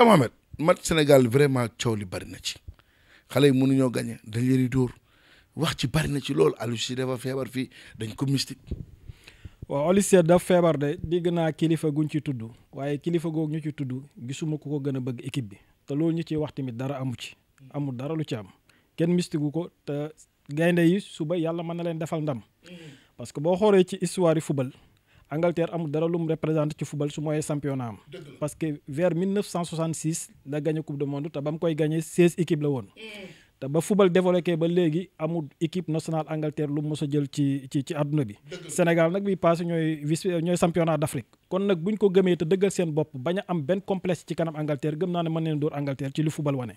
yaa Mohamed mat Sénégal vraiment coow li bari na ci xale yi mënuñoo gagné dañ leen di dóor wax ci bari na ci loolu Aliou Cissé dafa feebar fii dañ ko mystique. waaw Aliou Cissé dafa feebar de dégg naa kilifa guñ ci tudd waaye kilifa goog ñu ci tudd gisuma ku ko gën a bëgg équipe bi te loolu ñu ciy wax tamit dara amu ci. amul dara lu ci am kenn mystique gu ko te gaynde yi suba yàlla mën na leen defal ndam. Mm. parce boo xoolee ci histoire yi football Angleterre amul dara lu mu représenté ci football su mooy championnat am parce que vers la gagné coupe du monde te ba mu koy gagné 16 équipes la woon eh. te ba football développé ba léegi amul équipe nationale Angleterre lu mos a jël ci ci ci àdduna bi Sénégal nag bi passé ñooy vice ñooy championnat d'Afrique kon nag buñ ko gëmee te dëggal seen bopp bañ a am benn complexe ci kanam Angleterre gëm naa ne mën neen dóor Angleterre ci li football wane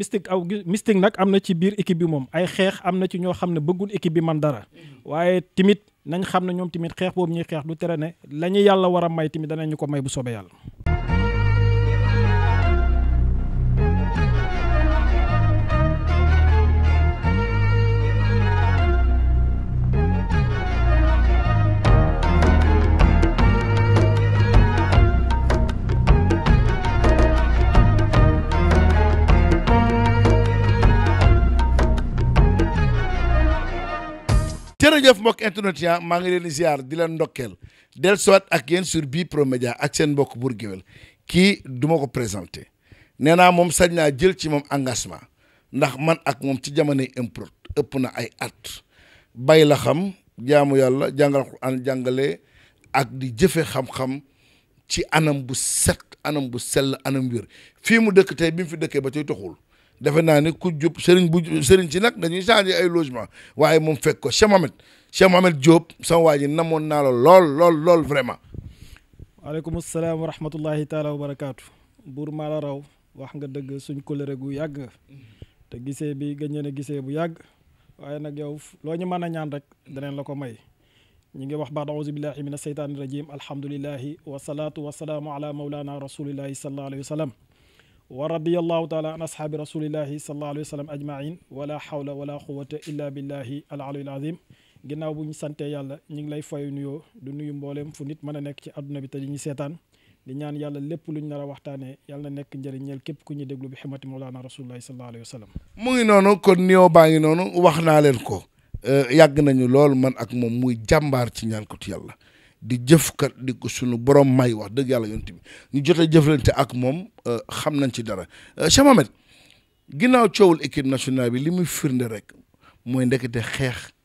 mystique aw mystique nag am na ci biir équipe bi moom ay xeex am na ci ñoo xam ne bëggul équipe bi man dara waaye timit nañ xam ne ñoom timit xeex boobu ñuy xeex du tere ne la ñu yàlla war a may timit ñu ko may bu soobee yàlla jërëjëf mbokk internet ya di leen ndokkeel del soit ak yéen sur bii Pro Média ak seen mbokk Bour Gueweul kii du ko présenté nee naa moom sañ naa jël ci moom engagement ndax man ak moom ci jamonoy improt ëpp na ay at bay la xam jaamu yàlla jàngal Alxuraan jàngale ak di jëfe xam-xam ci anam bu set anam bu sell anam wér fii mu dëkk tey bi mu fi dëkkee ba tey toxul defe naa ne ku jub sëriñ bu sëriñ si nag dañuy changer ay logement waaye moom fekk ko Cheikh Mohamed Cheikh Mohamed sama waa ji namoon naa lool lool lool vraiment. waaleykum salaam wa rahmatullahi taala wa barakaatu. buur maa la raw wax nga dëgg suñ colère gu yàgg te gisee bi gëj na gisee bu yàgg waaye nag yow loo ñu mën a ñaan rek danañ la ko may. ñu ngi wax baad auzu billahi min asheytaani rajim alhamdulilahi wasalaatu wasalaamu ala maulana rasulillahi sallallahu alayhi wa sallam wa radiyallahu taala an ashaabi rasulillahi sallallahu alayhi wa sallam ajmain wala hawla wala quwata illa billahi al aliyul azim ginnaaw bu ñu santee yàlla ñu ngi lay fay nuyoo du nuyu mbooleem fu nit mën a nekk ci àdduna bi te di ñu seetaan di ñaan yàlla lépp lu ñu nar a waxtaanee yàlla na nekk njëriñeel képp ku ñu déglu bi xamati mawlaana rasulillahi sallallahu alayhi wa sallam mu ngi noonu kon nuyoo baa ngi noonu wax naa leen ko eh, yàgg nañu lool man ak moom muy jàmbaar ci ñaan ko ci yàlla di jëfkat di ko suñu borom may wax dëgg yàlla yonent bi ñu jot a jëflante ak moom euh, xam nañ ci dara euh, Cheikh ginnaaw coowul équipe nationale bi li muy firnde rek mooy ndekete xeex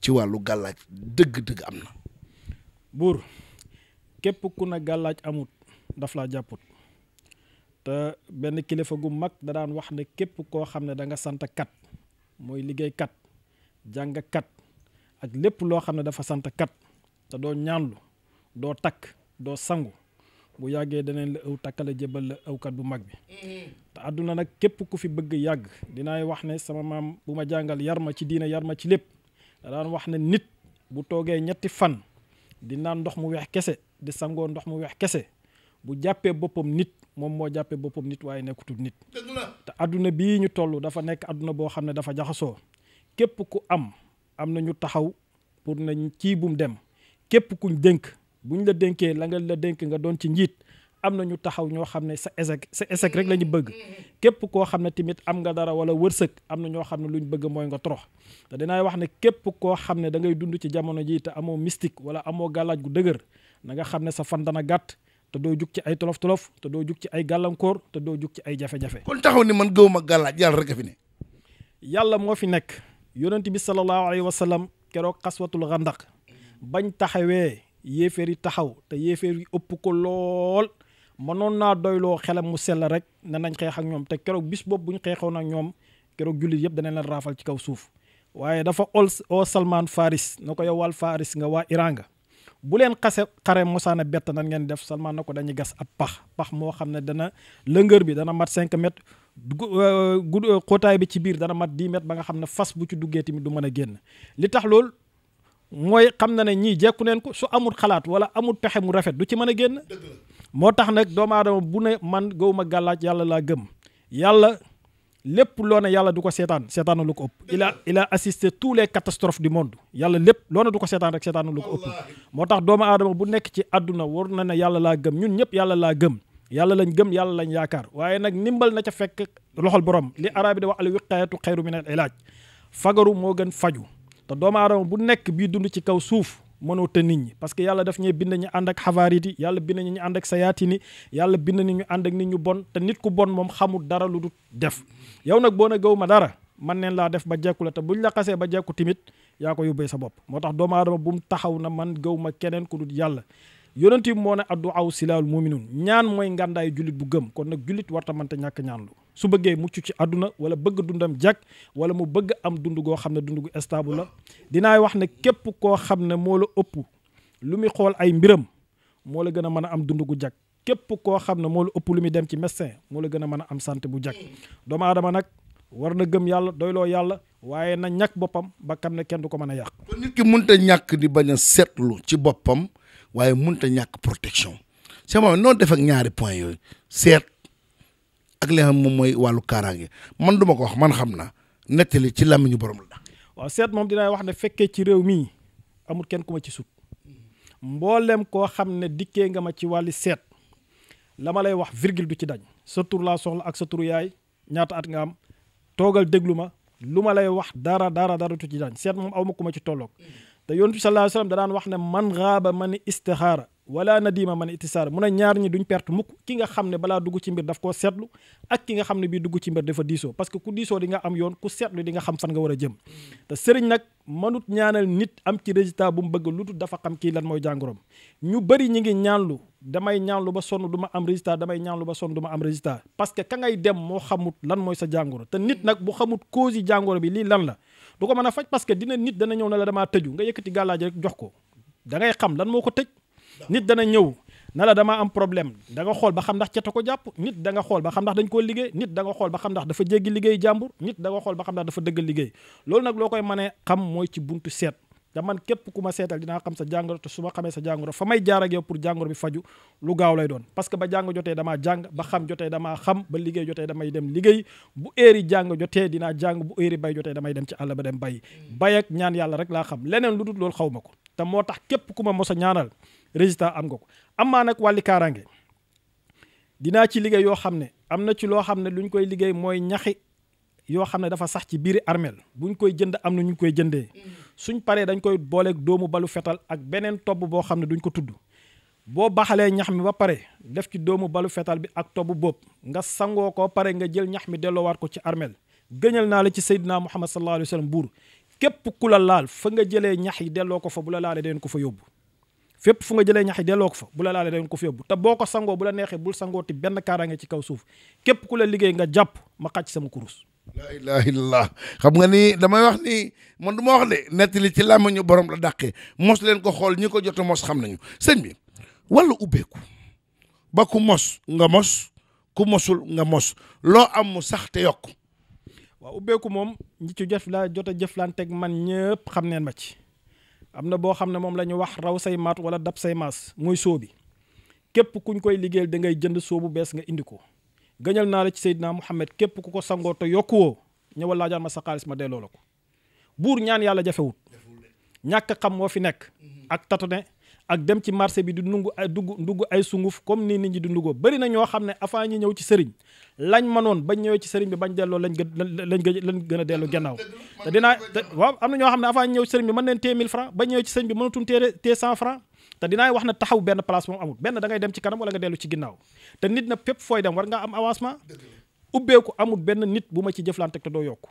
ci wàllu gàllaaj dëgg-dëgg am na. buur képp ku na gàllaaj amut daf laa jàpput te benn kilifa gu mag da daan wax ne képp koo xam ne danga nga kat mooy liggéey kat jàng kat ak lépp loo xam ne dafa sant kat. te doo ñaanlu doo takk doo sangu bu yàggee daneen la aw takkale jébal la awkat bu mag bi mm-hmm. te àdduna nag képp ku fi bëgg yàgg dinaay wax ne sama maam bu ma jàngal yar ma ci diine yar ma ci lépp da wax ne nit bu toogee ñetti fan di naan ndox mu weex kese di sangoo ndox mu weex kese bu jàppee boppam nit moom moo jàppee boppam nit waaye nekkutul nit te àdduna bii ñu toll dafa nekk àdduna boo xam ne dafa jaxasoo képp ku am am na ñu taxaw pour nañ kii bum dem képp ku kuñ dénk bu ñu la dénkee la nga la dénk nga doon ci njiit am na ñu taxaw ñoo xam ne sa échec sa échec rek la ñu bëgg képp koo xam ne tamit am nga dara wala wërsëg am na ñoo xam ne lu ñu bëgg mooy nga torox te dinaay wax ne képp koo xam ne da ngay dund ci jamono ji te amoo mystique wala amoo gàllaaj gu dëgër na nga xam ne sa fan dana gàtt te doo jug ci ay tolof-tolof te doo jug ci ay gàllankoor te doo jug ci ay jafe-jafe kon taxaw ni man gëwuma gàllaaj yàlla rek a fi ne yàlla moo fi nekk yonent bi sallallahu alayhi wa sallam keroog xaswatul xandaq bañ taxawee yéeféer yi taxaw te yéeféer yi ëpp ko lool noon naa doyloo xelam mu sell rek ne nañ xeex ak ñoom te keroog bis boobu bu ñu xeexoon ak ñoom keroog jullit yëpp danañ leen raafal ci kaw suuf waaye dafa ol oo Salman Faris na ko yow wal Faris nga waa Iran nga bu leen xase xare mosaana bett nan ngeen def Salman na ko dañuy gas ab pax pax moo xam ne dana lëngër bi dana mat 5 mètres euh, gudd euh, xóotaay bi ci biir dana mat 10 mètres ba nga xam ne fas bu ci duggee tamit du mën a génn mooy xam na ne ñii jekku neen ko su amul xalaat wala amul pexe mu rafet du ci mën a génn moo tax nag doomu aadama bu ne man gëwuma gàllaaj yàlla laa gëm yàlla lépp loo ne yàlla du ko seetaan seetaana ko ëpp il a il les catastrophes du monde yàlla lépp loo du ko seetaan rek seetaana lu ko ëpp moo tax doomu aadama bu nekk ci àdduna war na ne yàlla laa gëm ñun ñëpp yàlla laa gëm yàlla lañ gëm yàlla lañ yaakaar waaye nag ndimbal na ca fekk loxol borom li arab bi da wax al wiqaayatu xayru min al ilaaj fagaru moo gën faju te doomu aadama bu nekk bii dund ci kaw suuf mënoo te nit ñi parce que yàlla def ñee bind ñu ànd ak xavariti yàlla bind ñu ànd ak sayaatini yàlla bind ni ñu ànd ak nit ñu bon te nit ku bon moom xamul dara lu du def yow nag boo na gaw ma dara man neen laa def ba jekku la te buñ la xasee ba jekku timit yaa ko yóbbee sa bopp moo tax doomu aadama bu mu taxaw na man gaw ma keneen ku dul yàlla yonent bi moo ne addu aw silaalu muminun ñaan mooy ngàndaayu jullit bu gëm kon nag jullit warta mante ñàkk ñaanlu su bëggee mucc ci àdduna wala bëgg dundam jag wala mu bëgg am dund goo xam ne dund gu stable la dinaay wax ne képp koo xam ne moo la ëpp lu muy xool ay mbiram moo la gën a mën a am dund gu jag képp koo xam ne moo la ëpp lu muy dem ci médecin moo la gën a mën a am santé bu jag doomu aadama nag war na gëm yàlla doyloo yàlla waaye na ñàkk boppam ba xam ne kenn du ko mën a yàq. kon nit ki ñàkk di bañ a seetlu ci boppam waaye mënut ñàkk protection sama noonu def ak ñaari point yooyu seet ak li moom mooy wàllu kaaraange man duma ko wax man xam na nettali ci làmmiñu borom la. waaw seet moom dinaa wax ne fekkee ci réew mii amul kenn ku ma ci sut mboolem koo xam ne dikkee nga ma ci wàlli seet la ma lay wax virgule du ci dañ sa tur laa soxla ak sa tur yaay ñaata at nga am toogal déglu ma lu ma lay wax dara dara dara du ci dañ seet moom aw ma ku ma ci tolloog te yonent bi da daan wax ne man xaaba man istixaara wala nadima man itisaar mun a ñaar ñi duñ perte mukk ki nga xam ne balaa dugg ci mbir daf koo seetlu ak ki nga xam ne bii dugg ci mbir dafa diisoo parce que ku diisoo di nga am yoon ku seetlu di a jëm nit am ci résultat bu mu bëgg lu dul dafa xam kii lan mooy jàngoroom ñu bëri ñi ngi ñaanlu damay ñaanlu ba sonn du ma am résultat damay ñaanlu ba sonn du am résultat parce que ka dem moo xamut lan mooy sa jàngoro te nit nag bu xamut cause jàngoro bi lii lan la du ko mën a faj parce que dina nit dana ñëw na la damaa tëju nga yëkkati gàllaaj rek jox ko da xam lan moo ko tëj nit dana ñëw na la damaa am problème da nga xool ba xam ndax cete ko jàpp nit da xool ba xam dañ koo liggéey nit da nga xool ba xam ndax dafa jéggi liggéey jàmbur nit da xool ba xam ndax dafa dëgg liggéey loolu nag loo koy mënee xam mooy ci buntu seet te man képp ku ma seetal dinaa xam sa jàngoro su ma xamee sa jàngoro fa may jaar pour jàngoro bi faju lu gaaw lay doon parce que ba jàng jotee damaa jàng ba xam jotee damaa xam ba liggéey jotee damay dem liggéey bu éeri jàng jotee dinaa jàng bu éeri bay jotee damay dem ci àll ba dem bay hmm. bay ak ñaan yàlla rek laa xam leneen lu dul loolu xaw ma ko te moo tax képp ku ma mos a ñaanal résultat am nga ko am maa nag wàlli kaaraange dinaa ci liggéey yoo xam ne am na ci loo xam ne lu ñu koy liggéey mooy ñaxi yoo xam ne dafa sax ci biir armeel buñ koy jënd am na ñu koy jëndee mm. suñ paree dañ koy booleeg doomu balu fetal ak beneen tobb boo xam ne duñ ko tudd boo baxalee ñax mi ba pare def ci doomu balu fetal bi ak tobb boobu nga sangoo ko pare nga jël ñax mi delloowaat ko ci armeel gëñal naa la ci Seydina Muhammad sallallahu alayhi wa sallam buur képp ku la laal fa nga jëlee ñax yi delloo ko fa la laalee deen ko fa yóbbu fépp fu nga jëlee ñax yi delloo ko fa bu la laalee dañ ko fi yóbbu te boo ko sangoo bu la neexee bul sangoo ti benn kaaraange ci kaw suuf képp ku la liggéey nga jàpp ma xàcc sama kurus. la ilaha illallah xam nga ni damay wax ni man du ma wax de nettali ci làmmiñu borom la dàqee mos leen ko xool ñi ko jot a mos xam nañu sëñ bi walla ubbeeku ba ku mos nga mos ku mosul nga mos loo am mu sax te yokk. waaw ubbeeku moom ñi ci jëf laa jot a jëflanteeg man ñëpp xam neen ma ci. am na boo xam ne moom la ñu wax raw say maat wala dab say maas mooy soo bi képp kuñ koy liggéeyal da ngay jënd soo bu bees nga indi ko gëñal naa la ci Seydina Muhammad képp ku ko sangoo te yokkuwoo ñëwal laajaan ma sa xaalis ma delloo la ko buur ñaan yàlla jafewut ñàkk xam moo fi nekk mm-hmm. ak tatone ak dem ci marché bi du nungu ay dugg ndugg ay sunguf comme nii nit ñi di ndugoo bëri na ñoo xam ne avant ñi ñëw ci sëriñ lañ mënoon bañ ñëwee ci sëriñ bi bañ delloo lañ gën lañ gën lañ gën a dellu gannaaw te dinaa am na ñoo xam ne avant ñëw ci sëriñ bi mën neen téye 1000 francs bañ ñëwee ci sëriñ bi mënatuñ téye téye 100 francs te dinaa wax na taxaw benn place moom amul benn dangay dem ci kanam wala nga dellu ci ginnaaw te nit na fépp fooy dem war nga am avancement ubbeeku amul benn nit bu ma ci jëflante te doo yokk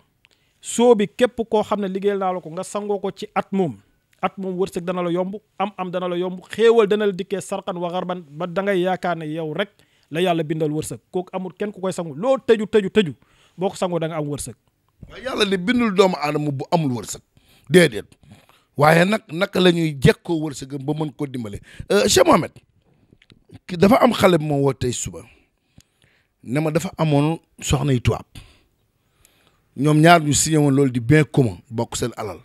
soo bi képp koo xam ne liggéeyal naa la ko nga sangoo ko ci at moom at moom wërsëg dana la yomb am-am dana la yomb xéewal dana la dikkee sarxan wa xarban ba da yaakaar ne yow rek la yàlla bindal wërsëg kooku amul kenn ku koy sangu loo tëju tëju tëju boo ko sangoo da nga am wërsëg. yàlla de bindul doomu aadama bu amul wërsëg déedéet waaye nag naka la ñuy jekkoo wërsëgam ba mën koo dimbale euh, Cheikh Mohamed dafa am xale bu ma woo tey suba ne ma dafa amoon soxna yu tubaab ñoom ñaar ñu signé woon loolu di bien commun bokk seen alal.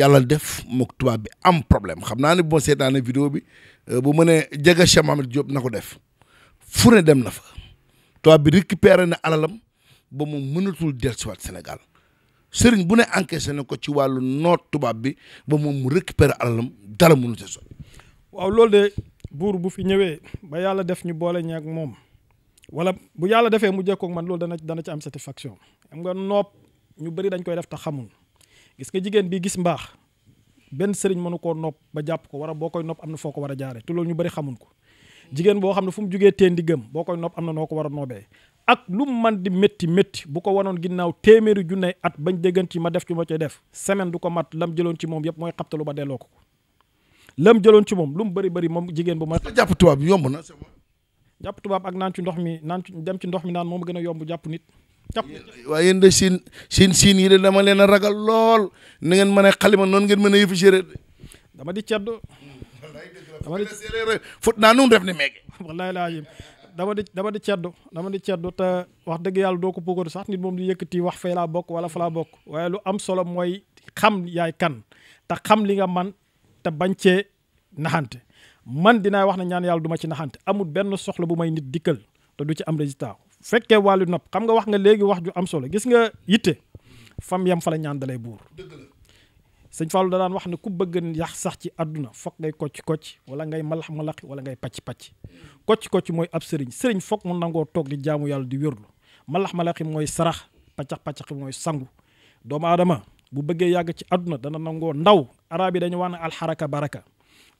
yàlla def mook tubaab bi am problème xam naa ne bu ma seetaanee vidéo bi euh, bu mënee jege Cheikh Mamadou na ko def fu ne dem na fa tubaab bi récupéré na alalam ba mu mënatul dellusiwaat Sénégal sëriñ bu ne encaissé na ko ci wàllu noot tubaab bi ba mu récupéré alalam dara mënu sa sot waaw loolu de buur bu fi ñëwee ba yàlla def ñu boole ñi moom wala bu yàlla defee mu jekkoog man loolu dana dana ci am satisfaction xam nga nopp ñu bëri dañ koy def te gis nga jigéen bi gis mbaax benn sëriñ mënu koo nopp ba jàpp ko war boo koy nopp am na foo ko war a jaare te loolu ñu bari xamun ko jigéen boo xam ne fu mu jugee teen di gëm boo koy nopp am na ko war a noobee ak lu mu man di métti métti bu ko wanoon ginnaaw téeméeri junney at bañ dégganti ma def ci ma cay def semaine du ko mat lam jëloon ci moom yëpp mooy xabtalu ba delloo ko lam jëloon ci moom lu mu bëri bëri moom jigéen bu ma jàpp tubaab yomb na jàpp tubaab ak naan ci ndox mi naan ci dem ci ndox mi naan moom gën a yomb jàpp nit waaye yéen de siin siin siin yi de dama leen a ragal lool na ngeen mën a xalima noonu ngeen mën a yëfi dama di ceddo dama di séeréer fut naa nun def ne meege wallaay laa yim dama di dama di ceddo dama di ceddo te wax dëgg yàlla doo ko puukaru sax nit moom di ti wax fay laa bokk wala fa bokk waaye lu am solo mooy xam yaay kan ta xam li nga man te bañ cee naxante man dinaa wax na ñaan yàlla duma ma ci naxante amul benn soxla bu may nit dikkal te du ci am résultat fekkee wàllu nopp xam nga wax nga léegi wax ju am solo gis nga yitte fam yam fa la ñaan dalay buur sëñ Fallou da daan wax ne ku bëgg yax sax ci àdduna foog ngay kocc kocc wala ngay malax malax wala ngay pàcc pàcc kocc kocc mooy ab sëriñ sëriñ foog mu nangoo toog di jaamu yàlla di wérlu malax malaxi mooy sarax pàccax pàccax mooy sangu doomu aadama bu bëggee yàgg ci àdduna dana nangoo ndaw arab yi dañu wax na alxaraka baraka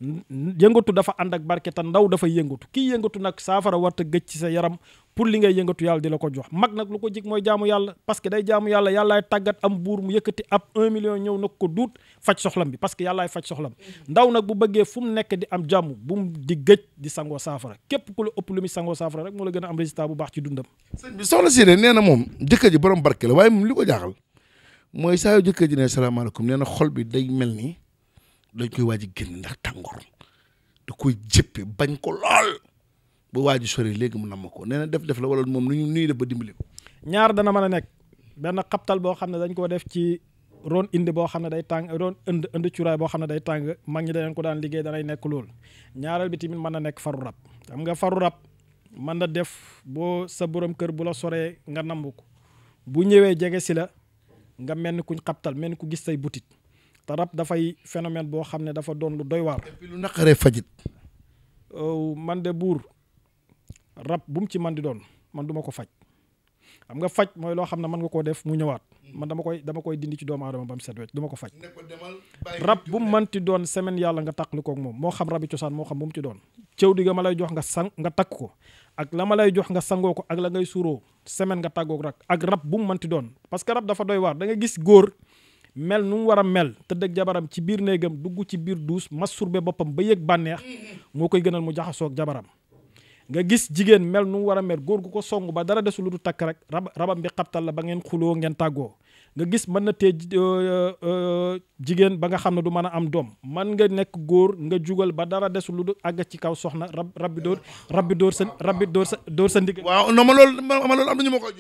yëngatu dafa ànd ak barke ndaw dafa yëngatu kii yëngatu nag saafara warta gëj ci sa yaram pour li ngay yëngatu yàlla di la ko jox mag nag lu ko jig mooy jaamu yàlla parce que day jaamu yàlla yàllaay tàggat am buur mu yëkkati ab 1 million ñëw nag ko duut faj soxlam bi parce que yàllaay faj soxlam mm-hmm. ndaw nag bu bëggee fu mu nekk di am jàmm bu mu di gëj di sangoo saafara képp ku la ëpp lu muy sangoo saafara rek moo la gën a am résultat bu baax ci dundam sëñ bi nee na moom jëkkër ji borom barke la waaye moom li ko jaaxal mooy saa jëkkër ji ne salaamaaleykum nee na xol bi day mel ni dañ koy waaj a génn ndax tàngoor da koy jëppe bañ ko lool ba waaj a sori léegi mu namm ko nee na def-def la wala moom nu ñu nuy def ba dimbali ko. ñaar dana mën a nekk benn xaptal boo xam ne dañ koo def ci ron indi boo xam ne day tàng ron ënd ënd cuuraay boo xam ne day tàng mag ñi dañ ko daan liggéey danay nekk lool ñaareel bi tamit mën na nekk faru rab xam nga faru rab mën na def boo sa borom kër bu la soree nga namb ko bu ñëwee jege si la nga mel ni kuñ xaptal mel ni ku gis say butit te rab dafay phénomène boo xam ne dafa doon lu doy waar. lu naqaree fajit. Euh, man de buur rab bu mu ci man di doon man duma ko faj xam nga faj mooy loo xam ne mën nga koo def mu ñëwaat man dama koy dama koy dindi ci doomu aadama ba mu set wecc du ma ko faj. rab bu mu mënti doon semaine yàlla nga tàqli koog moom moo xam rabi cosaan moo xam bu mu ci doon. cëw di lay jox nga sang nga takk ko ak la ma lay jox nga sangoo ko ak la ngay suuroo semaine nga ko rak ak rab bu mu ti doon parce rab dafa doy waar da gis góor. mel nu mu war a mel tëdd ak jabaram ci biir néegam dugg ci biir duus masturbe boppam ba yëg bànneex moo koy gënal mu jaxasoo jabaram nga gis jigéen mel nu mu war a mel góor gu ko song ba dara desul lu du takk rek rab rabam bi la ba ngeen xuloo ngeen tàggoo nga gis mën na tee euh, euh, euh, jigéen ba nga xam ne du mën a am doom man nga nekk góor nga jugal ba dara desul lu du àgg ci kaw soxna rab rabbi dóor rabbi dóor sa rabbi dóor sa dóor sa ndigg waaw non ma loolu ma loolu am na ñu ma koy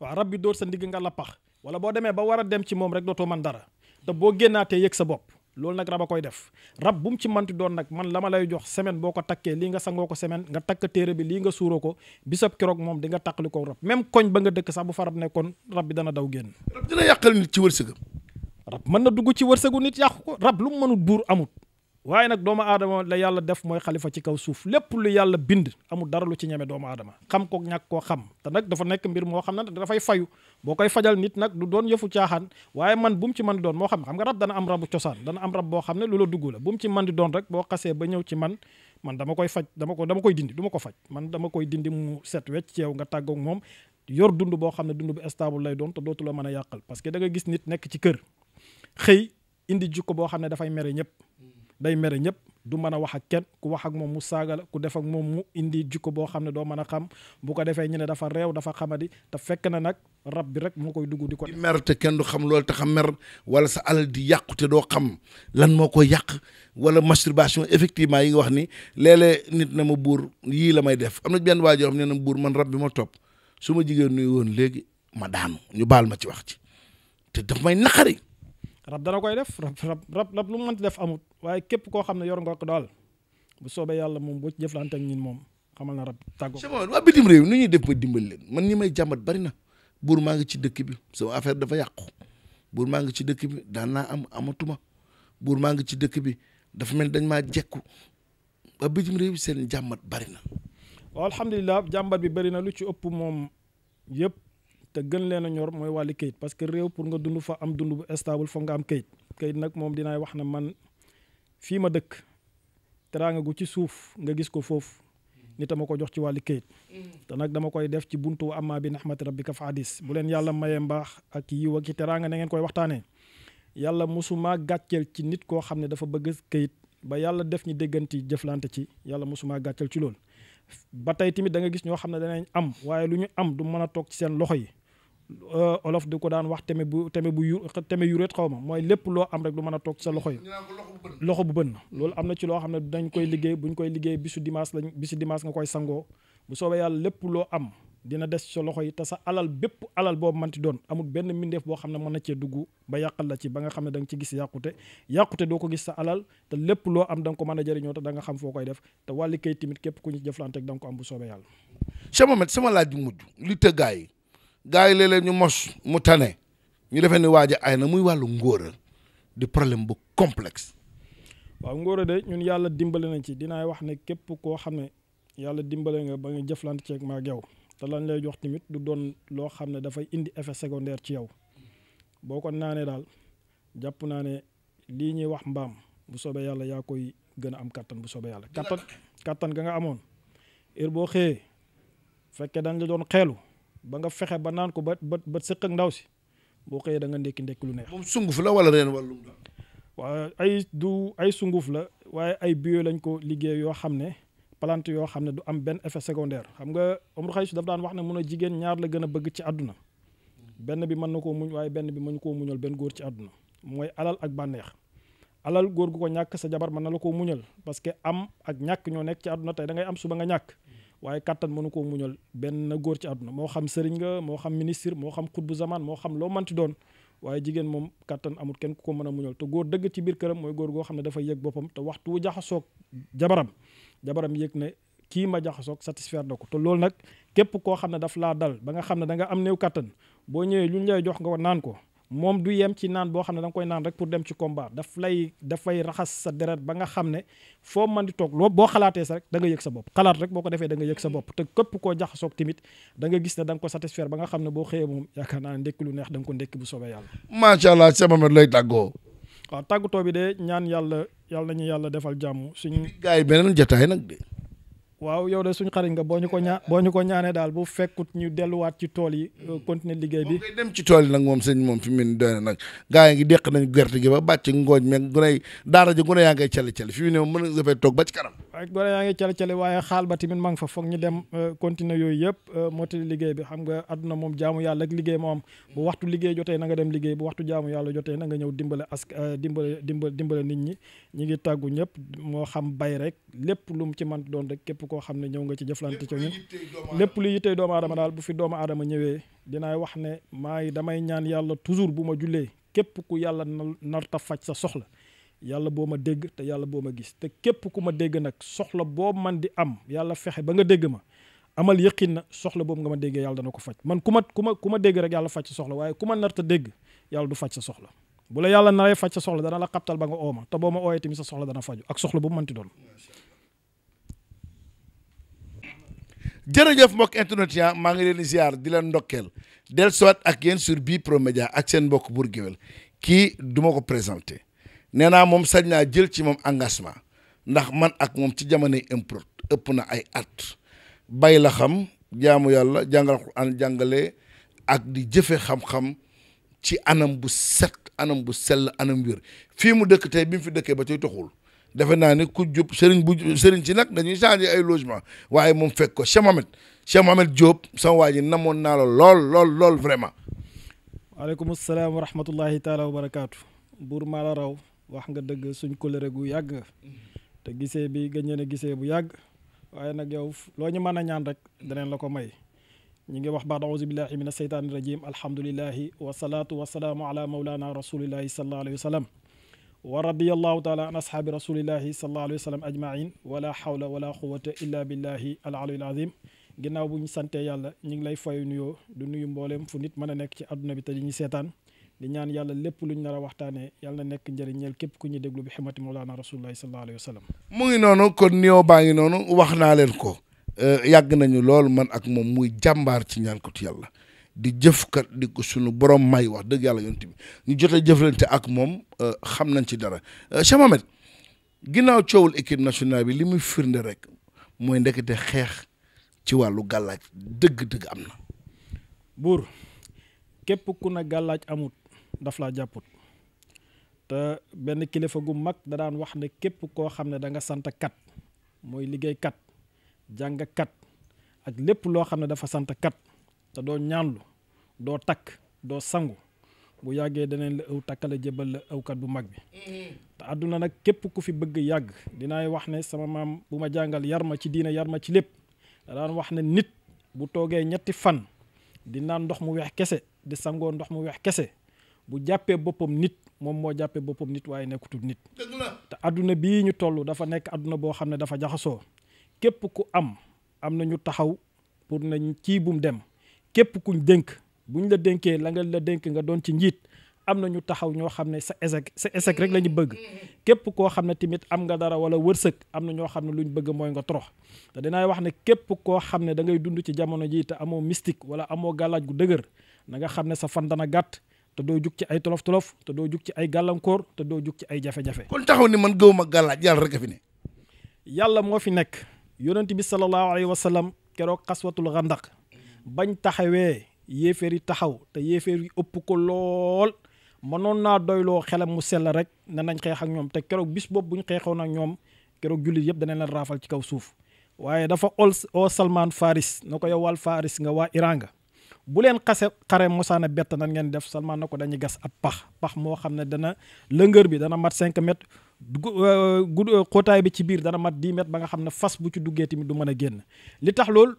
waaw rabbi dóor sa ndigg nga la pax wala boo demee ba war a dem ci moom rek dootoo man dara te boo génnaatee yëg sa bopp loolu nag rab a koy def rab bu mu ci manti doon nag man la ma lay jox semaine boo ko takkee lii nga sangoo ko semaine nga takk téere bi lii nga suuroo ko bisab keroog moom di nga tàqali ko rab même koñ ba nga dëkk sax bu fa rab nekkoon rab bi dana daw génn rab dina yàqal nit ci wërsëgam rab mën na dugg ci wërsëgu nit yàqu ko rab lu mu mënul buur amut waaye nag doomu aadama la yàlla def mooy xalifa ci kaw suuf lépp lu yàlla bind amul dara lu ci ñeme doomu aadama xam ko ñàkk koo xam te nag dafa nekk mbir moo xam ne dafay fayu boo koy fajal nit nag du doon yëfu caaxaan waaye man bu mu ci mën doon moo xam xam nga rab dana am rabu cosaan dana am rab boo xam ne lu la dugg la bu mu doon rek boo xasee ba ñëw ci man man dama koy faj dama ko dama koy dindi du ko faj man dama koy dindi mu set wecc ci yow nga tàggoog moom yor dund boo xam ne dund bi stable lay doon te mën a yàqal parce que da nga nit nekk ci kër xëy indi jikko boo xam ne dafay mere ñëpp day mere ñëpp du mën a wax ak kenn ku wax ak moom mu saaga la ku def ak moom mu indi jikko boo xam ne doo mën a xam bu ko defee ñu ne dafa réew dafa xamadi te fekk na nag rab bi rek moo koy dugg di ko. di kenn du xam loolu te xam mer wala sa alal di yàqu doo xam lan moo koy yàq wala masturbation effectivement yi nga wax ni léeg nit na ma buur yii la may def am na benn waa joo xam ne na buur man rab bi ma topp su ma jigéen nuyu woon léegi ma daanu ñu baal ma ci wax ci te daf may naqari. rab dana koy def rab rab lu mu mënti def amut. waaye képp koo xam ne yor nga ko daal bu soobee yàlla moom boo ci jëflante ñun moom xamal na rab tàggoo. c'est bon waa bitim réew nu ñuy def ba dimbali leen man ñi may jàmbat bari na buur maa ngi ci dëkk bi sama affaire dafa yàqu buur maa ngi ci dëkk bi daan naa am amatuma buur maa ngi ci dëkk bi dafa mel dañ maa jekku waa bitim réew seen jàmbat bari na. waaw jàmbat bi bari na lu ci ëpp moom yëpp. te gën leen a ñor mooy wàlli kayit parce que réew pour nga dund fa am dund bu stable foog nga am kayit kayit nag moom dinaay wax ne man fii ma dëkk teraanga gu ci suuf nga gis ko foofu nit a ko jox ci wàllu këyit mm. te nag dama koy def ci buntu amma bi nahmati rabbika fa hadis bu leen yàlla mayee mbaax ak yiw ak ci teraanga na ngeen koy waxtaanee yàlla mosuma gàcceel ci nit koo xam ne dafa bëgg këyit ba yàlla def ñu dégganti jëflante ci yàlla mosuma gàcceel ci lool ba tey tamit danga gis ñoo xam ne danañ am waaye lu ñu am du mën a toog ci seen loxo yi Euh, olof di ko daan wax teme bu teme bu yu teme xaw ma mooy lépp loo am rek lu mën a toog sa loxo yi loxo bu bën na loolu am na ci loo xam ne dañ koy liggéey buñ koy liggéey bisu dimanche lañ bisu dimanche nga koy sangoo bu soobee yàlla lépp loo am dina des sa loxo yi te sa alal bépp alal boobu manti doon amul benn mbindeef boo xam ne mën na cee dugg ba yàqal la ci ba nga xam ne da nga ci gis yàqute yàqute doo ko gis sa alal te lépp loo am da ko mën a jëriñoo te da nga xam foo koy def te wàlli kay timit képp ku ñu jëflante da nga ko am bu soobee yàlla sama laaj mujj li tëggaay gars yi léeg-léeg ñu mos mu tane ñu defee ni waaj ay na muy wàllu ngóora di problème bu complexe. waaw ngóora de ñun yàlla dimbale nañ ci dinaay wax ne képp koo xam ne yàlla dimbale nga ba nga jëflante ceeg maag yow te lañ lay jox tamit du doon loo xam ne dafay indi effet secondaire ci yow boo ko naanee daal jàpp naa ne lii ñuy wax mbaam bu soobee yàlla yaa koy gën a am kattan bu soobee yàlla. kattan kattan ga nga amoon heure boo xëyee fekkee dañ la doon xeelu. ba nga fexe ba naan ko ba ba ba sëq ak ndaw si boo xëyee danga nga ndekki ndekki lu neex. moom sunguf la wala reen wala. waaw ay du ay sunguf la waaye ay bio lañ ko liggéey yoo xam ne palante yoo xam ne du am benn efe secondaire xam nga Omar Khaysu daf daan wax ne mun a jigéen ñaar la gën a bëgg ci àdduna benn bi mën na koo muñ waaye benn bi mën koo muñal benn góor ci àdduna mooy alal ak bànneex alal góor gu ko ñàkk sa jabar mën na la koo muñal parce que am ak ñàkk ñoo nekk ci àdduna tey da ngay am nga ñàkk waaye kattan mënu koo muñal benn góor ci àdduna moo xam sëriñ nga moo xam ministre moo xam xutbu zaman moo xam loo manti doon waaye jigéen moom kattan amut kenn ku ko mën a muñal te góor dëgg ci biir këram mooy góor goo xam ne dafa yëg boppam te waxtu wu jaxasoog jabaram jabaram yëg ne kii ma jaxasoog satisfaire na ko te loolu nag képp koo xam ne daf laa dal ba nga xam ne da nga am new kattan boo ñëwee lu ñu lay jox nga naan ko moom du yem ci naan boo xam ne da koy naan rek pour dem ci combat daf lay dafay raxas sa deret ba nga xam ne foo mën di toog loo boo xalaatee sa rek da yëg sa bopp xalaat rek defee da nga yëg sa bopp te képp koo jaxasoog tamit da nga gis ne da nga ko satisfaire ba nga xam ne boo xëyee moom yaakaar naa ne ndekki lu neex da nga ko ndekki bu soobee yàlla macha allah Cheikh Mohamed lay tàggoo waaw tàggatoo bi de ñaan yàlla yàlla nañu yàlla defal jàmm suñu gars yi beneen jotaay nag de waaw yow de suñu xariñ nga boo ñu ko ñaa boo ñu ko ñaanee daal bu fekkut ñu delluwaat ci tool yi hmm. continuer liggéey bi dem ci tool yi nag moom sëñ moom fi mu ne doy na nag gaa gi ngi deq nañ gerte gi ba bàcc ngooñ meeg gunay daara ji gune yaa ngay cali cali fi mu ne moom mën nga fay toog ba ci kanam gone yaa ngi cale-cale waaye xaal ba tamit ma ngi fa foog ñu dem euh, continuer yooyu yëpp euh, mottali liggéey bi xam nga adduna moom jaamu yàlla ak liggéey moo am bu waxtu liggéey jotee na nga dem liggéey bu waxtu jaamu yàlla jotee na nga ñëw dimbale ask euh, dimbale dimbale dimbale nit ñi ñi ngi tàggu ñëpp moo xam bay rek lépp lu mu ci man doon rek képp koo xam ne ñëw nga ci jëflante ci ñun lépp lu yittee doomu aadama daal bu fi doomu aadama ñëwee dinaay wax ne maa ngi damay ñaan yàlla toujours bu ma jullee képp ku yàlla nar ta faj sa soxla yàlla boo ma dégg te yàlla boo ma gis te képp ku ma dégg nag soxla boo man di am yàlla fexe ba nga dégg ma amal yëqin na soxla boobu nga ma déggee yàlla dana ko faj man ku ma ku ma ku ma dégg rek yàlla faj sa soxla waaye ku ma narta dégg yàlla du faj soxla bu la yàlla naree faj sa soxla dana la xaptal ba nga oo ma te boo ma ooyee tamit sa soxla dana faju ak soxla bu mu mënti doon jërëjëf mbokk internet ya maa ngi leen di di leen ndokkeel del soit ak yéen sur Bprod Media ak seen mbokk Bour Gueweul kii du ma ko présenté nee naa moom sañ naa jël ci moom engagement ndax man ak moom ci jamonoy import ëpp na ay at bay la xam jaamu yàlla jàngal Alxuraan jàngale ak di jëfe xam-xam ci anam bu set anam bu sell anam wér fii mu dëkk tey bi mu fi dëkkee ba tey toxul defe naa ni ku jub sëriñ bu sëriñ si nag dañuy changer ay logement waaye moom fekk ko Cheikh Mohamed Cheikh Mohamed Diop sama waa ji namoon naa la lool lool lool vraiment. waaleykum salaam wa rahmatullahi taala wa barakaatu. buur maa la raw. wax nga dëgg suñ kóllëre gu yàgg nga te gisee bi gëj na ne gisee bu yàgg waaye nag yow loo ñu mën a ñaan rek danañ la ko may ñu ngi wax baad auzu billahi min asheytaani rajim alhamdulilahi wasalaatu wasalaamu ala maulana rasulillahi salallahu alayhi wa sallam wa radiallahu taala an ashaabi rasulillahi salallahu alayhi wa sallam ajmain wala hawla wala quwata illa billahi al aliyul azim ginnaaw bu ñu sante yàlla ñu ngi lay fayu nuyoo du nuyu mbooleem fu nit mën a nekk ci àdduna bi te di ñu seetaan di ñaan yàlla lépp luñ nar a waxtaanee yàlla nekk njëriñ képp ku ñu déglu bi ximati mawlaana rasulullahi sallallahu alayhi wa sallam mu ngi noonu kon niyoo baa ngi noonu wax naa leen ko euh, yàgg nañu lool man ak moom muy jàmbaar ci ñaan ko ci yàlla di jëf jëfkat di ko sunu borom may wax dëgg yàlla yonent bi ñu jot a ak moom euh, xam nañ ci dara euh, Cheikh Mohamed ginnaaw coowul équipe nationale bi li muy firnde rek mooy ndekete xeex ci wàllu gàllaaj dëgg-dëgg am na daf laa jàpput te benn kilifa gu mag da daan wax ne képp koo xam ne danga nga kat mooy liggéey kat jàng kat ak lépp loo xam ne dafa sant kat te doo ñaanlu doo takk doo sangu bu yàggee daneen la aw takkale jébal la aw kat bu mag bi te àdduna nag képp ku fi bëgg yàgg dinaay wax ne sama maam bu ma jàngal yar ma ci diine yar ma ci lépp da wax ne nit bu toogee ñetti fan di naan ndox mu weex kese di sangoo ndox mu weex kese bu jàppee boppam nit moom moo jàppee boppam nit waaye nekkutul nit te àdduna bii ñu toll dafa nekk adduna boo xam ne dafa jaxasoo képp ku am am na ñu taxaw pour nañ ci bum dem képp kuñ dénk buñ la dénkee la nga la dénk nga doon ci njiit am na ñu taxaw ñoo xam ne sa échec sa échec rek la ñu bëgg képp koo xam ne tamit am nga dara wala wërsëg am na ñoo xam ne lu ñu bëgg mooy nga torox te dinaay wax ne képp koo xam ne da ngay dund ci jamono jii te amoo mystique wala amoo gàllaaj gu dëgër na nga xam ne sa fan dana gàtt te doo jug ci ay tolof tolof te doo jug ci ay gàllankoor te doo jug ci ay jafe-jafe. kon taxaw ni man gëwuma gàllaaj yàlla rek a fi ne. yàlla moo fi nekk yonent bi sallallahu alayhi wa sallam keroog xaswatul xandaq bañ taxawee yéeféer yi taxaw te yéeféer yi ëpp ko lool. noon naa doyloo xelam mu sell rek ne nañ xeex ak ñoom te keroog bis boobu bu ñu xeexoon ak ñoom keroog jullit yëpp danañ leen raafal ci kaw suuf waaye dafa ol oo Salman Faris na ko yow wal Faris nga waa Iran bu leen xase xare mosaana bett nan ngeen def seulement na ko dañuy gas ab pax pax moo xam ne dana lëngër bi dana mat 5 mètres euh, gudd euh, xóotaay bi ci biir dana mat 10 mètres ba nga xam ne fas bu ci duggee tamit du mën a génn li tax lool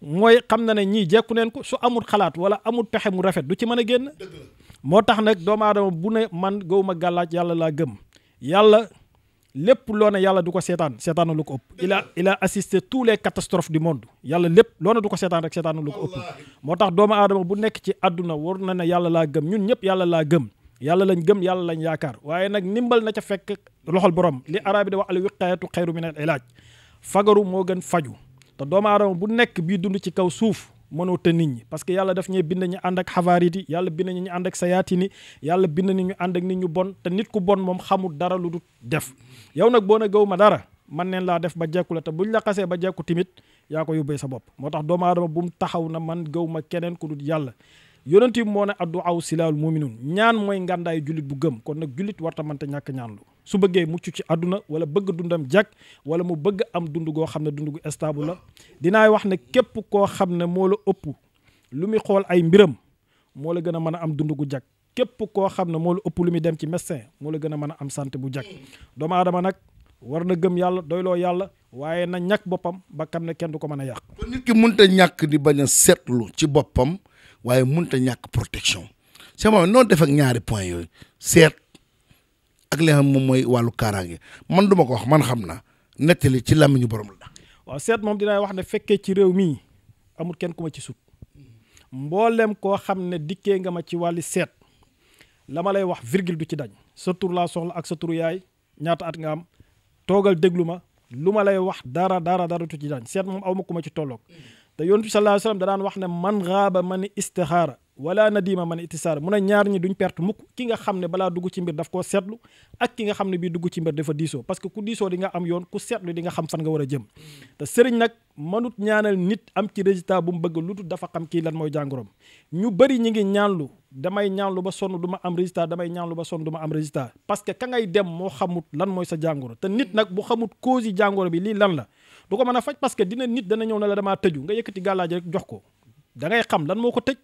mooy xam na ne ñii jekku neen ko su amul xalaat wala amul pexe mu rafet du ci mën a génn moo tax nag doomu aadama bu ne man gëwuma gàllaaj yàlla laa gëm yàlla lépp loo ne yàlla du ko seetaan seetaana lu ko ëpp il a il a assisté tous les catastrophes du monde yàlla lépp loo ne du ko seetaan rek seetaana lu ko ëpp moo tax doomu aadama bu nekk ci àdduna war na ne yàlla laa gëm ñun ñëpp yàlla laa gëm yàlla lañ gëm yàlla lañ yaakaar waaye nag ndimbal na ca fekk loxol borom li arabi di wax al wiqayatu xayru min al ilaaj fagaru moo gën faju te doomu aadama bu nekk bii dund ci kaw suuf mënoo te nit ñi parce que yàlla def ñee bind ñu ànd ak xavaarit yi yàlla bind ñu ànd ak sayaatini yàlla bind ñu ànd ak nit ñu bon te nit ku bon moom xamul dara lu du def yow nag boo na gaw ma dara man neen laa def ba jekku la te buñ la xasee ba jekku timit yaa ko yóbbee sa bopp moo tax doomu aadama bu mu taxaw na man gaw ma keneen ku dul yàlla yonent bi moo ne addu aw silaalu muminun ñaan mooy ngàndaayu jullit bu gëm kon nag jullit warta mënta ñàkk ñaanlu su bëggee mucc ci àdduna wala bëgg dundam jàkk wala mu bëgg am dund goo xam ne dund gu stable la dinaay wax ne képp koo xam ne moo la ëpp lu muy xool ay mbiram moo la gën a mën a am dund gu jàkk képp koo xam ne moo la ëpp lu muy dem ci médecin moo la gën a mën a am santé bu jàkk doomu aadama nag war na gëm yàlla doy loo yàlla waaye na ñàkk boppam ba xam ne kenn du ko mën a yàq. kon nit ki ñàkk di bañ a seetlu ci boppam waaye mënut a ñàkk protection sama noonu def ak ñaari point yooyu seet. ak li xam moom mooy wàllu kaaraange man du ma ko wax man xam na nettali ci làmmiñu borom la. waaw seet moom dinaa wax ne fekkee ci réew mii amul kenn ku ma ci sut mboolem koo xam ne dikke nga ma ci wàlli seet la ma lay wax virgule du ci dañ sa tur laa soxla ak sa tur yaay ñaata at nga am toogal déglu ma lu ma lay wax dara dara dara du ci dañ seet moom aw ma ku ma ci tolloog te yonent bi sallallahu alayhi wax ne man xaaba man istixaara wala nadima man itisaar mun a ñaar ñi duñ perte mukk ki nga xam ne balaa dugg ci mbir daf koo seetlu ak ki nga xam ne bii dugg ci mbir dafa diisoo parce que ku diisoo di nga am yoon ku seetlu di a jëm ñaanal nit am ci résultat bu mu bëgg lu dul dafa xam kii lan mooy jàngoroom ñu bëri ñi ngi ñaanlu damay ñaanlu ba sonn du am résultat damay ñaanlu ba sonn du am résultat parce que ka dem moo xamut lan mooy sa jàngoro te nit nag bu xamut cause yi jàngoro bi lii lan la du ko mën a faj parce que dina nit dana ñëw na la damaa tëju nga yëkkati gàllaaj rek jox ko da xam lan moo ko tëj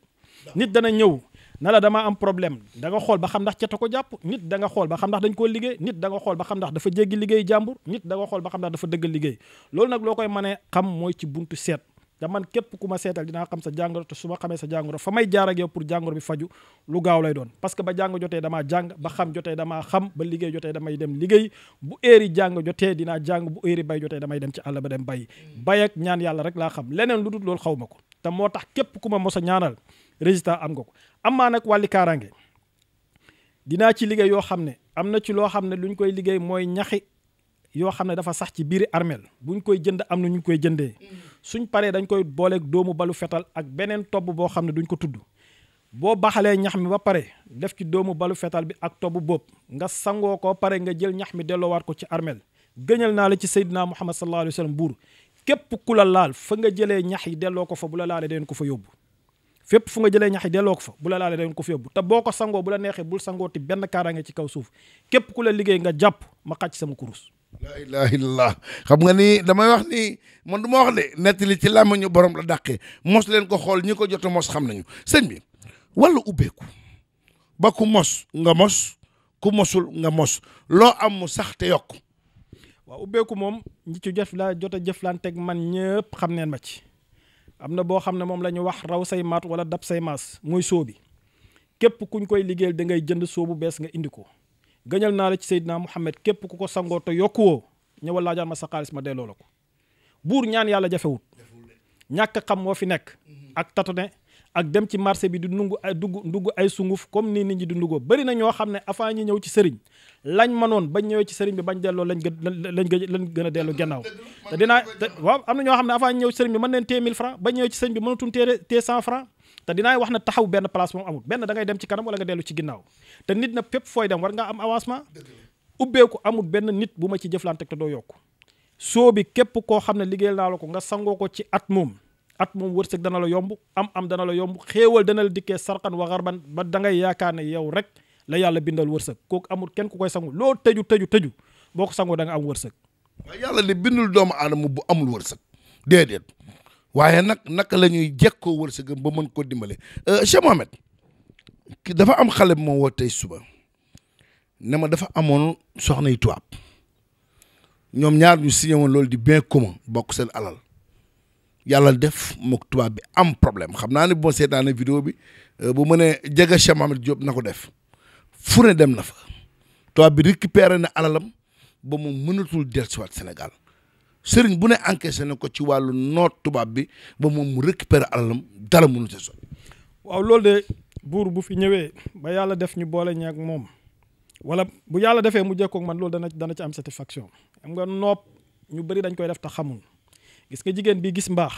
nit dana ñëw na la damaa am problème danga xool ba xam ndax cete ko jàpp nit da xool ba xam ndax dañ koo liggéey nit da nga xool ba xam ndax dafa jéggi liggéey jàmbur nit da xool ba xam ndax dafa dëgg liggéey loolu nag loo koy mënee xam mooy ci buntu seet te man képp ku ma seetal dinaa xam sa jàngoro su ma xamee sa jàngoro fa may jaar pour jàngoro bi faju lu gaaw lay doon parce que ba jàng jotee damaa jàng ba xam jotee damaa xam ba liggéey jotee damay dem liggéey bu heure jàng jotee dinaa jàng bu heure bay jotee damay dem ci àll ba dem bay hmm. bay ak ñaan yàlla rek laa xam leneen lu dul loolu xaw ma ko te moo tax képp ku ma mos a ñaanal résultat am nga ko am maa nag wàlli kaaraange dinaa ci liggéey yoo xam ne am na ci loo xam ne lu ñu koy liggéey mooy ñaxi yoo xam ne dafa sax ci biiri armeel bu ñu koy jënd am na ñu koy jëndee mm. suñ paree dañ koy booleeg doomu balu fetal ak beneen tobb boo xam ne duñ ko tudd boo baxalee ñax mi ba pare def ci doomu balu fetal bi ak tobb boobu nga sangoo ko pare nga jël ñax mi delloowaat ko ci armeel gëñal naa la ci Seydina Muhammad sallallahu alayhi wa sallam buur képp ku la laal fa nga jëlee ñax yi delloo ko fa la laalee deen ko fa yóbbu fépp fu nga jële ñax yi delloo ko fa bu la laalee dañ ko fi yóbbu te boo ko sangoo bu la neexee bul sangoo ti benn kaaraange ci kaw suuf képp ku la liggéey nga jàpp ma xàcc sama kurus. la ilaha illallah xam nga ni damay wax ni man du ma wax de nettali ci làmmiñu borom la dàqe mos leen ko xool ñi ko jot mos xam nañu sëñ bi walla ubbeeku ba ku mos nga mos ku mosul nga mos loo am mu sax te yokk. waaw ubbeeku moom ñi ci jëf laa jot a jëflanteeg man ñëpp xam neen ma ci. am na boo xam ne moom la ñu wax raw say maat wala dab say maas mooy soo bi képp ku ñu koy liggéeyal da ngay jënd soo bu bees nga indi ko gëñal naa la ci Seydina Muhammad képp ku ko sangoo te yokkuwoo ñëwal laajaan ma sa xaalis ma delloo la ko buur ñaan yàlla jafewut ñàkk xam moo fi nekk mm-hmm. ak tatone ak dem ci marché bi du nungu ay dugg dugg ay sunguf comme ni nit ñi di ndugoo bari na ñoo xam ne avant ñi ñëw ci sëriñ lañ mënoon bañ ñëwee ci sëriñ bi bañ delloo lañ gën lañ gën a delloo gannaaw te dinaa am na ñoo xam ne avant ñëw ci sëriñ bi mën neen tée mille francs bañ ñëwee ci sëriñ bi mënatuñ tée tée te dinaay wax na taxaw benn place moom amul benn dangay dem ci kanam wala nga dellu ci ginnaaw te nit na fépp fooy dem war nga am avancement ubbeeku amul benn nit bu ma ci jëflante te doo yokk soo bi képp koo xam ne liggéeyal naa ko nga sangoo ko ci at moom at moom wërsëg dana la yomb am am dana la yomb xéewal dana la dikkee sarxan wa xarban ba da ngay yaakaar ne yow rek la yàlla bindal wërsëg kooku amul kenn ku koy sangu loo tëju tëju tëju boo ko sangoo da am wërsëg waaye yàlla de bindul doomu aadama bu amul wërsëg déedéet waaye nag naka lañuy ñuy jekkoo wërsëgam ba mën koo dimbale euh, Cheikh Mohamed dafa am xale moo woo tey suba ne ma dafa amoon soxna yu tubaab ñoom ñaar ñu signé woon loolu di bien commun bokk seen alal yàlla def mook tubaab bi am problème xam naa ne bu ma seetaanee vidéo bi euh, bu mënee jege Cheikh Mohamed na ko def fu ne dem na fa tubaab bi récupéré na alalam ba mu mënatul dellusiwaat Sénégal sëriñ bu ne encaissé na ko ci wàllu noot tubaab bi ba moom mu récupéré alalam dara mënu sa so waaw loolu de buur bu fi ñëwee ba yàlla def ñu boole ñeeg moom wala bu yàlla defee mu jekkoog man loolu dana dana ci am satisfaction xam nga nopp ñu bëri dañ koy def te xamul gis nga jigéen bi gis mbaax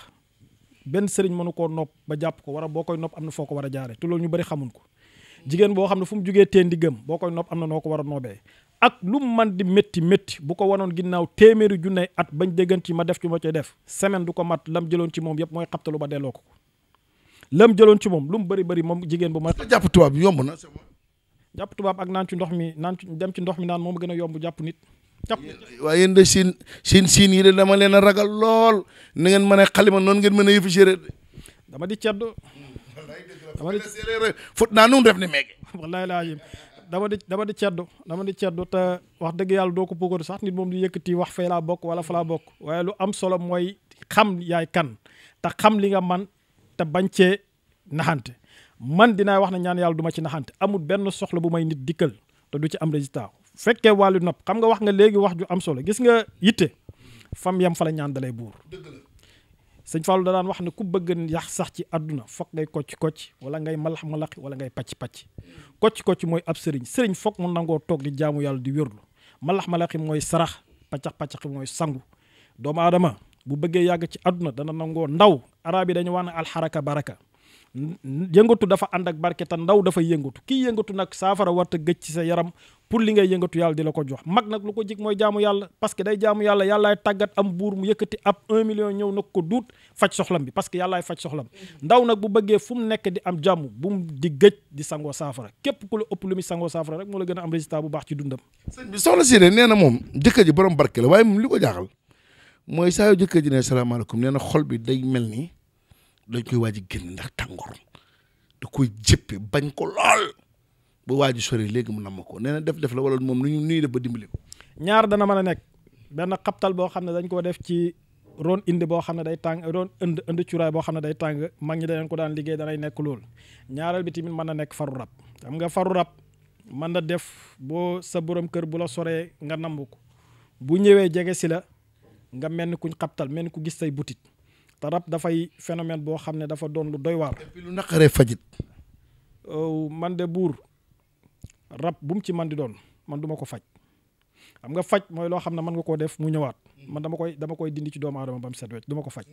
benn sëriñ mënu koo nopp ba jàpp ko war boo koy nopp am na foo ko war a jaare te loolu ñu bari xamuñ ko jigéen boo xam ne fu mu jugee teen di gëm boo koy nopp am na noo ko war a noobee ak lu mu man di métti métti bu ko wanoon ginnaaw téeméeri junne at bañ dégganti ma def ci ma cay def semaine du ko mat lam jëloon ci moom yëpp mooy xabtalu ba delloo ko lam jëloon ci moom lu mu bëri bari moom jigéen bu mooy jàpp tubaab yomb na jàpp tubaab ak naan ci ndox mi naan ci dem ci ndox mi naan moom gën a yomb jàpp nit waaye yéen de siin siin siin yi de dama leen a ragal lool na ngeen mën a xalima noonu ngeen mën a yëfi séeréer dama di ceddo dama di séeréer fut naa nun def ne meege wallaay laa yim dama di dama di ceddo dama di ceddo te wax dëgg yàlla doo ko puukar sax nit moom di yëkkati wax fay bokk wala fa bokk waaye lu am solo mooy xam yaay kan ta xam li nga man te bañ cee naxante man dinaa wax na ñaan yàlla duma ma ci naxante amul benn soxla bu may nit dikkal te du ci am résultat fekkee wàllu nopp xam nga wax nga léegi wax ju am solo gis nga yitte fam yam fa la ñaan dalay buur sëñ Fallou da daan wax ne ku bëgg yax sax ci àdduna foog ngay kocc kocc wala ngay malax malaxi wala ngay pacc pacc kocc kocc mooy ab sëriñ sëriñ foog mu nangoo toog di jaamu yàlla di wérlu malax malaxi mooy sarax paccax paccax mooy sangu doomu aadama bu bëggee yàgg ci àdduna dana nangoo ndaw arab yi dañu wax na alxaraka baraka yëngatu dafa ànd ak barke ndaw dafay yëngatu kii yëngatu nag saafara warta gëj ci sa yaram pour li ngay yëngatu yàlla di la ko jox mag nag lu ko jig mooy jaamu yàlla parce que day jaamu yàlla yàllaay tàggat am buur mu yëkkati ab 1 million ñëw nag ko duut faj soxlam bi parce que yàllaay faj soxlam ndaw nag bu bëggee fu mu nekk di am jàmm bu mu di gëj di sangoo saafara képp ku la ëpp lu muy sangoo saafara rek moo la gën a am résultat bu baax ci dundam bi soxna nee na moom jëkkër ji borom barke la waaye moom li ko mooy saa jëkkër ji ne salaamaaleykum nee na xol bi day mel ni dañ koy waaj génn ndax tàngoor da koy jëppe bañ ko lool ba waaj sori léegi mu namm ko nee na def def la wala moom nu ñu nuy def ba dimbali ko. ñaar dana mën a nekk benn xabtal boo xam ne dañ koo def ci ron indi boo xam ne day tàng ron ënd ënd cuuraay boo xam ne day tàng mag ñi dañ ko daan liggéey danay nekk lool ñaareel bi tamit mën na nekk faru rab xam nga faru rab mën na def boo sa borom kër bu la soree nga namb ko bu ñëwee jege si la nga mel ni kuñ xabtal mel ni ku gis say butit te rab dafay phénomène boo xam ne dafa doon lu doy waar. lu naqaree fajit. man de buur rab bu mu ci man di doon man duma ko faj xam nga faj mooy loo xam ne mën nga koo def mu ñëwaat man dama koy dama koy dindi ci doomu aadama ba mu set wecc du ma ko faj.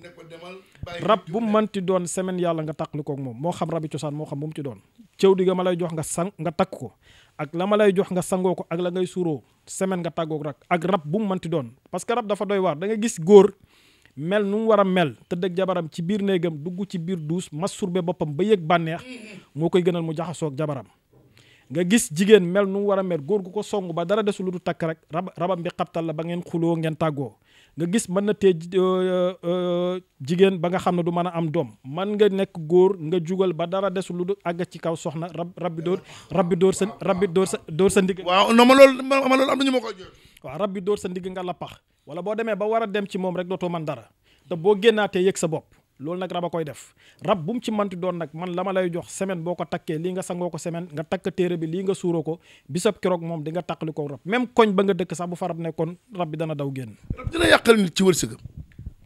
rab bu mu mënti doon semaine yàlla nga tàqli koog moom moo xam rabi cosaan moo xam bu mu doon. cëw di nga ma lay nga sang nga takk ko ak la ma lay jox nga sangoo ko ak la ngay suuroo semaine nga ko rak ak rab bu mu mënti doon parce rab dafa doy waar da gis góor. mel nu mu war a mel tëdd ak jabaram ci biir néegam dugg ci biir duus masturbe boppam ba yëg bànneex mm-hmm. moo koy gënal mu jaxasoog jabaram nga gis jigéen mel nu mu war a mel góor gu ko song ba dara desul lu du takk rek rab rabam bi xabtal la ba ngeen xuloo ngeen tàggoo nga gis mën na tee euh, euh, euh, jigéen ba nga xam ne du mën a am doom man nga nekk góor nga jugal ba dara desul lu du àgg ci kaw soxna rab rabbi dóor rabbi door sa rabbi dóor sa door sa ndigg waaw non ma loolu ma loolu am ñu ma koy waaw rabbi door sa ndigg nga la pax wala boo demee ba war a dem ci moom rek dootoo man dara te boo génnaatee yëg sa bopp loolu nag rab a koy def rab bu mu ci manti doon nag man la ma lay jox semaine boo ko takkee li nga sangoo ko semaine nga takk téere bi lii nga suuroo ko bisab keroog moom di nga tàqali ko rab même koñ ba nga dëkk sax bu fa rab nekkoon rab bi dana daw génn. rab dina yàqal nit ci wërsëgam.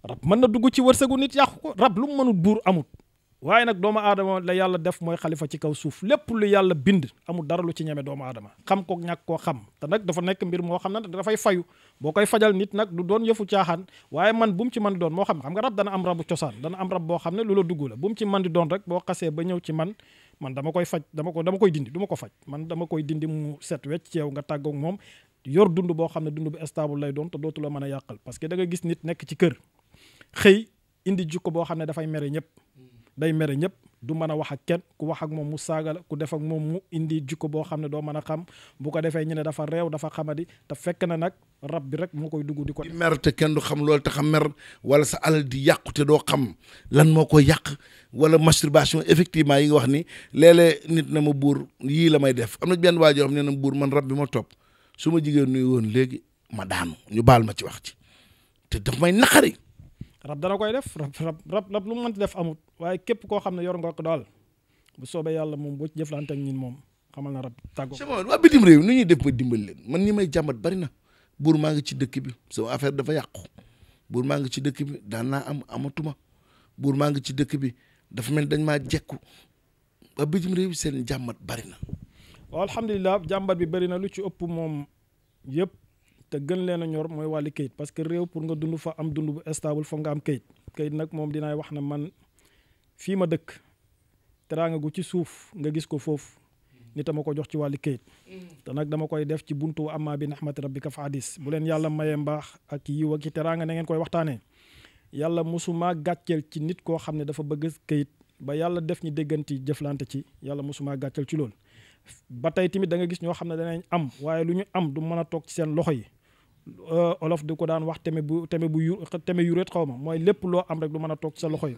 rab mën na dugg ci wërsëgu nit yàqu ko rab lu mu mënul buur amut waaye nag doomu aadama la yàlla def mooy xalifa ci kaw suuf lépp lu yàlla bind amul dara lu ci ñeme doomu adama xam ko ñàkk koo xam te nag dafa nekk mbir moo xam ne dafay fayu boo koy fajal nit nag du doon yëfu caaxaan waaye man bu mu ci man doon moo xam xam nga rab dana am rabu cosaan dana am rab boo xam ne lu dugg la bu mu ci man di doon boo xasee ba ñëw ci man man dama koy faj dama ko koy dindi du ko faj man dama koy dindi mu set wecc ci yow nga tàggoog moom yor dund boo xam ne dund bu stable lay doon te mën a yàqal parce que da gis nit nekk ci kër xëy indi jikko boo xam ne dafay mere ñëpp day mere ñëpp du mën a wax ak kenn ku wax ak moom mu saaga la ku def ak moom mu indi jikko boo xam ne doo mën a xam bu ko defee ñu ne dafa réew dafa xamadi te fekk na nag rab bi rek moo koy dugg di ko. di kenn du xam loolu tax a wala sa alal di yàqu doo xam lan moo koy yàq wala masturbation effectivement yi nga wax ni léeg nit na ma buur yii la may def am na benn waajoo joo xam ne na buur man rab bi ma topp su ma jigéen nuy woon léegi ma daanu ñu baal ma ci wax ci te daf may naqari. rab dana koy def rab rab rab lu mu mënti def amut waaye képp koo xam ne yor nga ko daal bu soobee yàlla moom boo ci jëflante ak ñun moom xamal na rab tàggo waa bitim réew nu ñuy def ma dimbal leen man ñi may jàmbat bari na buur maa ngi ci dëkk bi sama affaire dafa yàqu buur maa ngi ci dëkk bi daan naa am amatuma buur maa ngi ci dëkk bi dafa mel dañ maa jekku waa bitim réew seen jàmbat bari na waaw jàmbat bi bari na lu ci ëpp moom yëpp te gën leen a ñor mooy wàlli kayit parce que réew pour nga dund fa am dund bu stable foog nga am kayit kayit nag moom dinaay wax ne man fii ma dëkk teraanga gu ci suuf nga gis ko foofu nit a ko jox ci wàlli kayit mm. te nag dama koy def ci buntu amma bi nahmati rabbika fa hadis bu leen yàlla mayee mbaax ak yiw ak teraanga na ngeen koy waxtaanee yàlla mosuma gàcceel ci nit koo xam ne dafa bëgg kayit ba yàlla def ñi dégganti jëflante ci yàlla mosuma gàcceel ci loolu ba tey tamit da nga gis ñoo xam ne danañ am waaye lu ñu am du mën a toog ci seen loxo yi Euh, olof di ko daan wax teme bu teme bu yu teme yuréet xaw ma mooy lépp loo am rek du mën a toog sa loxo yi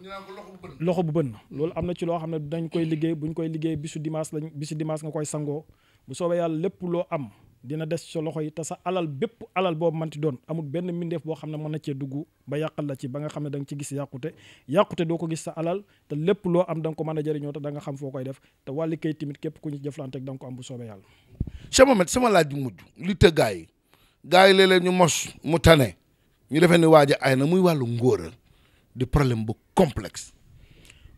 loxo bu bën loolu am na ci loo xam ne dañ koy liggéey buñ koy liggéey bisu dimanche lañ bisu dimanche nga koy sangoo bu soobee lépp loo am dina des sa loxo yi te sa alal bépp alal boobu manti doon amul benn mbindeef boo xam ne mën na cee dugg ba yàqal la ci ba nga xam ne da nga ci gis yàqute yàqute doo ko gis sa alal te lépp loo am da ko mën a jëriñoo te da nga xam foo koy def te wàlli kay timit képp ku ñu jëflante da nga ko am bu soobee yàlla Cheikh Mohamed sama laaj mujj li tëggaay gars yi léeg-léeg ñu mos mu tane ñu defee ni waaj ay na muy wàllu ngóora di problème bu complexe.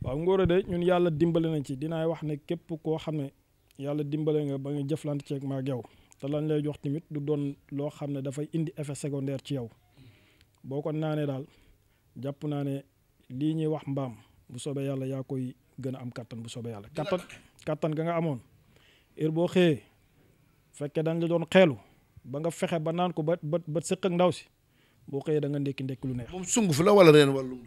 waaw ngóora de ñun yàlla dimbale nañ ci dinaay wax ne képp koo xam ne yàlla dimbale nga ba nga jëflante ceeg maag yow te lañ lay jox tamit du doon loo xam ne dafay indi effet secondaire ci yow boo ko naanee daal jàpp naa ne lii ñuy wax mbaam bu soobee yàlla yaa koy gën a am kàttan bu soobee yàlla kattan kattan ga nga amoon heure boo xëyee fekkee dañ la doon xeelu. ba nga fexe ba naan ko ba ba ba sëq ak ndaw si boo xëyee da nga ndekki ndekki lu neex. moom sunguf la wala reen wala lu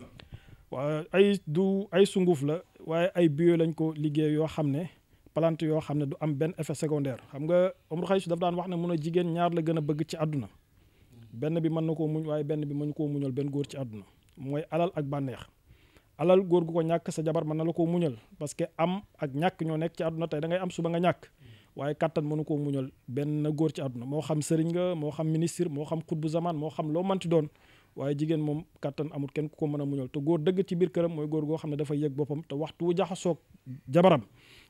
ay du ay sunguf la waaye ay bio lañ ko liggéey yoo xam ne palante yoo xam ne du am benn effet secondaire xam nga Omar Khaysu daf daan wax ne mun a jigéen ñaar la gën a bëgg ci àdduna benn bi mën na koo muñ waaye benn bi mën koo muñal benn góor ci àdduna mooy alal ak bànneex alal góor gu ko ñàkk sa jabar mën na la koo muñal parce que am ak ñàkk ñoo nekk ci àdduna tey da ngay am nga ñàkk waaye kattan mënu koo muñal benn góor ci àdduna moo xam sëriñ nga moo xam ministre moo xam xutbu zaman moo xam loo manti doon waaye jigéen moom kattan amul kenn ku ko mën a muñal te góor dëgg ci biir këram mooy góor goo xam ne dafa yëg boppam te waxtu wu jaxasoog jabaram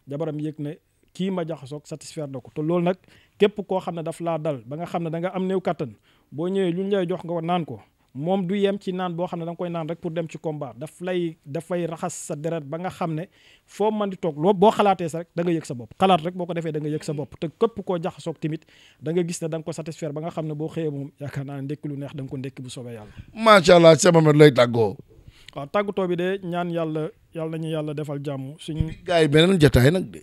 jabaram yëg ne kii ma jaxasoog satisfaire na ko te loolu nag képp koo xam ne daf laa dal ba nga xam ne da nga am new kattan boo ñëwee lu ñu lay jox nga naan ko moom du yem ci naan boo xam ne da koy naan rek pour dem ci combat daf lay dafay raxas sa deret ba nga xam ne foo mën di toog loo boo xalaatee sa rek da nga yëg sa bopp xalaat rek boo ko defee da nga yëg sa bopp te képp koo jaxasoog tamit da nga gis ne da nga ko satisfaire ba nga xam ne boo xëyee moom yaakaar naa ne ndekki lu neex da nga ko ndekki bu soobee yàlla macha allah Cheikh Mohamed lay tàggoo waaw tàggatoo bi de ñaan yàlla yàlla nañu yàlla defal jàmm suñu gars yi beneen jataay nag de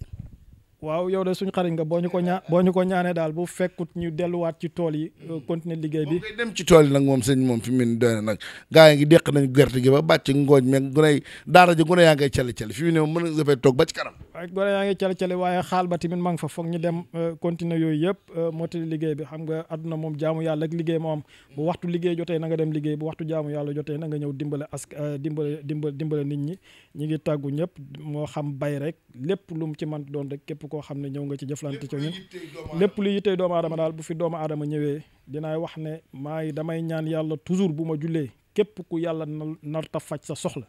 waaw yow de suñu xarit nga boo ñu ko ñaa boo ñu ko ñaanee daal bu fekkut ñu delluwaat ci tool yi euh, continuer liggéey bi dem ci tool yi nag moom sëñ moom fi mu ne na nag gaa ngi deq nañ gerte gi ba bàcc ngooñ meeg guney daara ji gune yaa ngay cale-cale fi mu ne moom mën nga fay toog ba ci kanam waaye gune yaa ngay cale-cale waaye xaal ba tamit ma nga fa foog ñu dem euh, continuer yooyu yëpp euh, mottali liggéey bi xam nga àdduna moom jaamu yàlla ak liggéey moo bu waxtu liggéey jotee nanga dem liggéey bu waxtu jaamu yàlla jotee nanga nga ñëw dimbale ask dimbale dimbale dimbale nit ñi ñi ngi tàggu ñëpp moo xam bay rek lépp lu mu ci man doon rek képp koo xam ne ñëw nga ci jëflante ci ñun lépp lu yittee doomu aadama daal bu fi doomu aadama ñëwee dinaay wax ne maa ngi damay ñaan yàlla toujours bu ma jullee képp ku yàlla narta faj sa soxla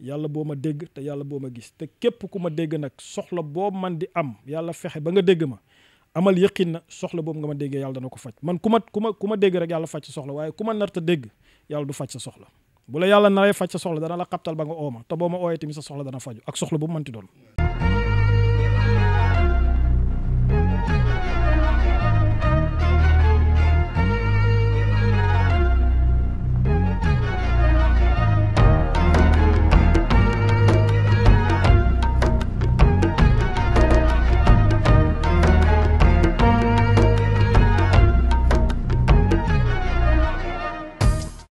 yàlla boo ma dégg te yàlla boo ma gis te képp ku ma dégg nag soxla boo man di am yàlla fexe ba nga dégg ma amal yëqin na soxla boobu nga ma déggee yàlla dana ko faj man ku ma ku ma ku ma dégg yàlla faj soxla waaye ku ma narta dégg yàlla du faj sa soxla bu la yàlla naree faj sa soxla dana la xabtal ba nga ooma te boo ma ooyee tamit sa soxla dana faju ak soxla bu mu mënti doon